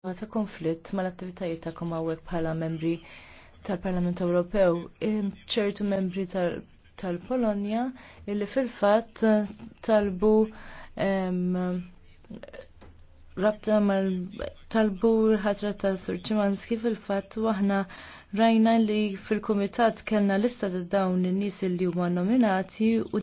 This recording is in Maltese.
Għata konflitt mal-attivitajiet ta' għawek bħala membri tal-Parlament Ewropew, ċertu membri tal-Polonja illi fil-fatt talbu rabta mal talbu ħatra ta' Surċimanski fil-fatt waħna rajna li fil-Kumitat kellna lista ta' dawn in-nies li huma nominati u